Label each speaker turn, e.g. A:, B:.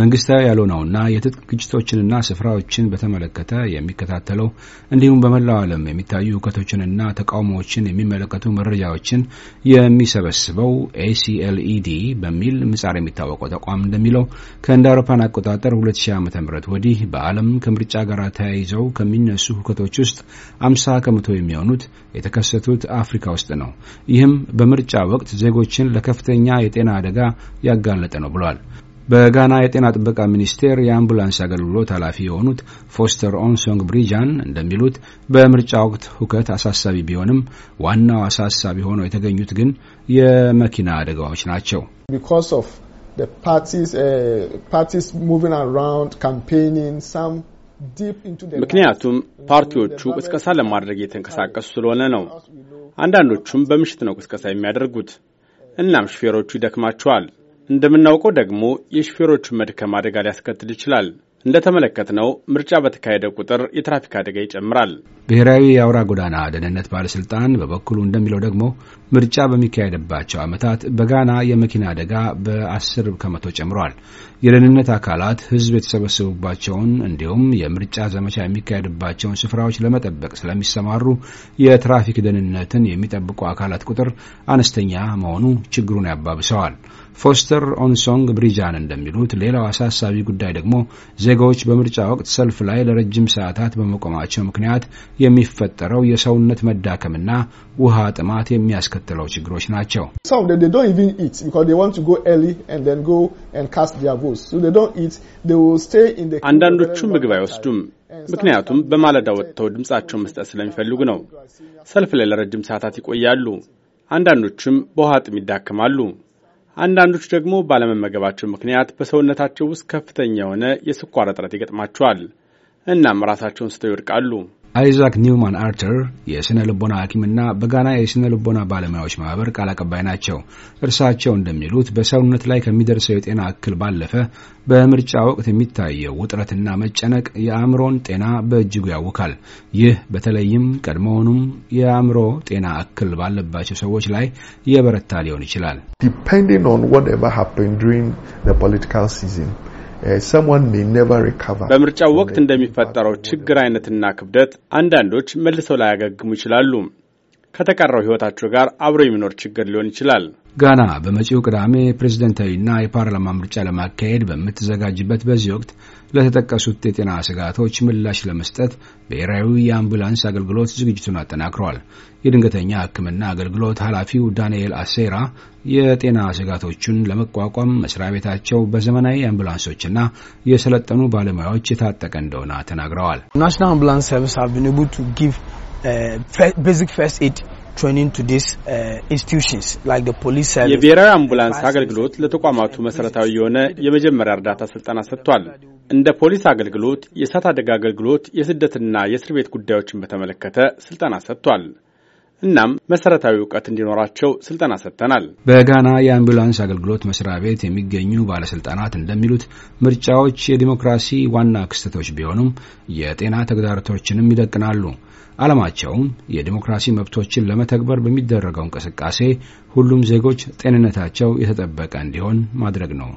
A: መንግስታዊ ያልሆነውና የትጥቅ ግጭቶችንና ስፍራዎችን በተመለከተ የሚከታተለው እንዲሁም በመላው ዓለም የሚታዩ እውከቶችንና ተቃውሞዎችን የሚመለከቱ መረጃዎችን የሚሰበስበው ኤሲኤልኢዲ e በሚል ምጻር የሚታወቀው ተቋም እንደሚለው ከእንደ አውሮፓን አቆጣጠር 2000 ዓ ም ወዲህ በዓለም ከምርጫ ጋር ተያይዘው ከሚነሱ ሁከቶች ውስጥ 50 ከመቶ የሚሆኑት የተከሰቱት አፍሪካ ውስጥ ነው። ይህም በምርጫ ወቅት ዜጎችን ለከፍተኛ የጤና አደጋ ያጋለጠ ነው ብሏል። በጋና የጤና ጥበቃ ሚኒስቴር የአምቡላንስ አገልግሎት ኃላፊ የሆኑት ፎስተር ኦንሶንግ ብሪጃን እንደሚሉት በምርጫ ወቅት ሁከት አሳሳቢ ቢሆንም ዋናው አሳሳቢ ሆነው የተገኙት ግን የመኪና አደጋዎች ናቸው። uh, ምክንያቱም
B: ፓርቲዎቹ ቅስቀሳ ለማድረግ እየተንቀሳቀሱ ስለሆነ ነው። አንዳንዶቹም በምሽት ነው ቅስቀሳ የሚያደርጉት። እናም ሹፌሮቹ ይደክማቸዋል። እንደምናውቀው ደግሞ የሹፌሮቹ መድከም አደጋ ሊያስከትል ይችላል። እንደተመለከትነው ምርጫ በተካሄደ ቁጥር የትራፊክ አደጋ ይጨምራል።
A: ብሔራዊ የአውራ ጎዳና ደህንነት ባለስልጣን በበኩሉ እንደሚለው ደግሞ ምርጫ በሚካሄድባቸው ዓመታት በጋና የመኪና አደጋ በአስር ከመቶ ጨምሯል። የደህንነት አካላት ሕዝብ የተሰበሰቡባቸውን እንዲሁም የምርጫ ዘመቻ የሚካሄድባቸውን ስፍራዎች ለመጠበቅ ስለሚሰማሩ የትራፊክ ደህንነትን የሚጠብቁ አካላት ቁጥር አነስተኛ መሆኑ ችግሩን ያባብሰዋል። ፎስተር ኦንሶንግ ብሪጃን እንደሚሉት ሌላው አሳሳቢ ጉዳይ ደግሞ ዜጋዎች በምርጫ ወቅት ሰልፍ ላይ ለረጅም ሰዓታት በመቆማቸው ምክንያት የሚፈጠረው የሰውነት መዳከምና ውሃ ጥማት የሚያስከ የሚያስከትለው ችግሮች ናቸው።
B: አንዳንዶቹ ምግብ አይወስዱም፣ ምክንያቱም በማለዳ ወጥተው ድምፃቸውን መስጠት ስለሚፈልጉ ነው። ሰልፍ ላይ ለረጅም ሰዓታት ይቆያሉ። አንዳንዶቹም በውሃ ጥም ይዳክማሉ። አንዳንዶቹ ደግሞ ባለመመገባቸው ምክንያት በሰውነታቸው ውስጥ ከፍተኛ የሆነ የስኳር እጥረት ይገጥማቸዋል። እናም ራሳቸውን ስተው ይወድቃሉ።
A: አይዛክ ኒውማን አርተር የሥነ ልቦና ሐኪምና በጋና የሥነ ልቦና ባለሙያዎች ማኅበር ቃል አቀባይ ናቸው። እርሳቸው እንደሚሉት በሰውነት ላይ ከሚደርሰው የጤና እክል ባለፈ በምርጫ ወቅት የሚታየው ውጥረትና መጨነቅ የአእምሮን ጤና በእጅጉ ያውካል። ይህ በተለይም ቀድሞውኑም የአእምሮ ጤና እክል ባለባቸው ሰዎች ላይ የበረታ ሊሆን ይችላል።
B: Uh, በምርጫው ወቅት እንደሚፈጠረው ችግር አይነትና ክብደት አንዳንዶች መልሰው ላያገግሙ ይችላሉ። ከተቀረው ህይወታቸው ጋር አብሮ የሚኖር ችግር ሊሆን ይችላል።
A: ጋና በመጪው ቅዳሜ ፕሬዝደንታዊና የፓርላማ ምርጫ ለማካሄድ በምትዘጋጅበት በዚህ ወቅት ለተጠቀሱት የጤና ስጋቶች ምላሽ ለመስጠት ብሔራዊ የአምቡላንስ አገልግሎት ዝግጅቱን አጠናክሯል። የድንገተኛ ሕክምና አገልግሎት ኃላፊው ዳንኤል አሴራ የጤና ስጋቶቹን ለመቋቋም መስሪያ ቤታቸው በዘመናዊ አምቡላንሶችና የሰለጠኑ ባለሙያዎች የታጠቀ እንደሆነ ተናግረዋል። ናሽናል አምቡላንስ ሰርቪስ Uh, basic first aid training to these uh, institutions like the police service የብሔራዊ
B: አምቡላንስ አገልግሎት ለተቋማቱ መሰረታዊ የሆነ የመጀመሪያ እርዳታ ስልጠና ሰጥቷል። እንደ ፖሊስ አገልግሎት፣ የእሳት አደጋ አገልግሎት፣ የስደትና የእስር ቤት ጉዳዮችን በተመለከተ ስልጠና ሰጥቷል። እናም መሰረታዊ እውቀት እንዲኖራቸው ስልጠና ሰጥተናል።
A: በጋና የአምቡላንስ አገልግሎት መስሪያ ቤት የሚገኙ ባለስልጣናት እንደሚሉት ምርጫዎች የዲሞክራሲ ዋና ክስተቶች ቢሆኑም የጤና ተግዳሮቶችንም ይደቅናሉ። ዓላማቸውም የዲሞክራሲ መብቶችን ለመተግበር በሚደረገው እንቅስቃሴ ሁሉም ዜጎች ጤንነታቸው የተጠበቀ እንዲሆን ማድረግ ነው።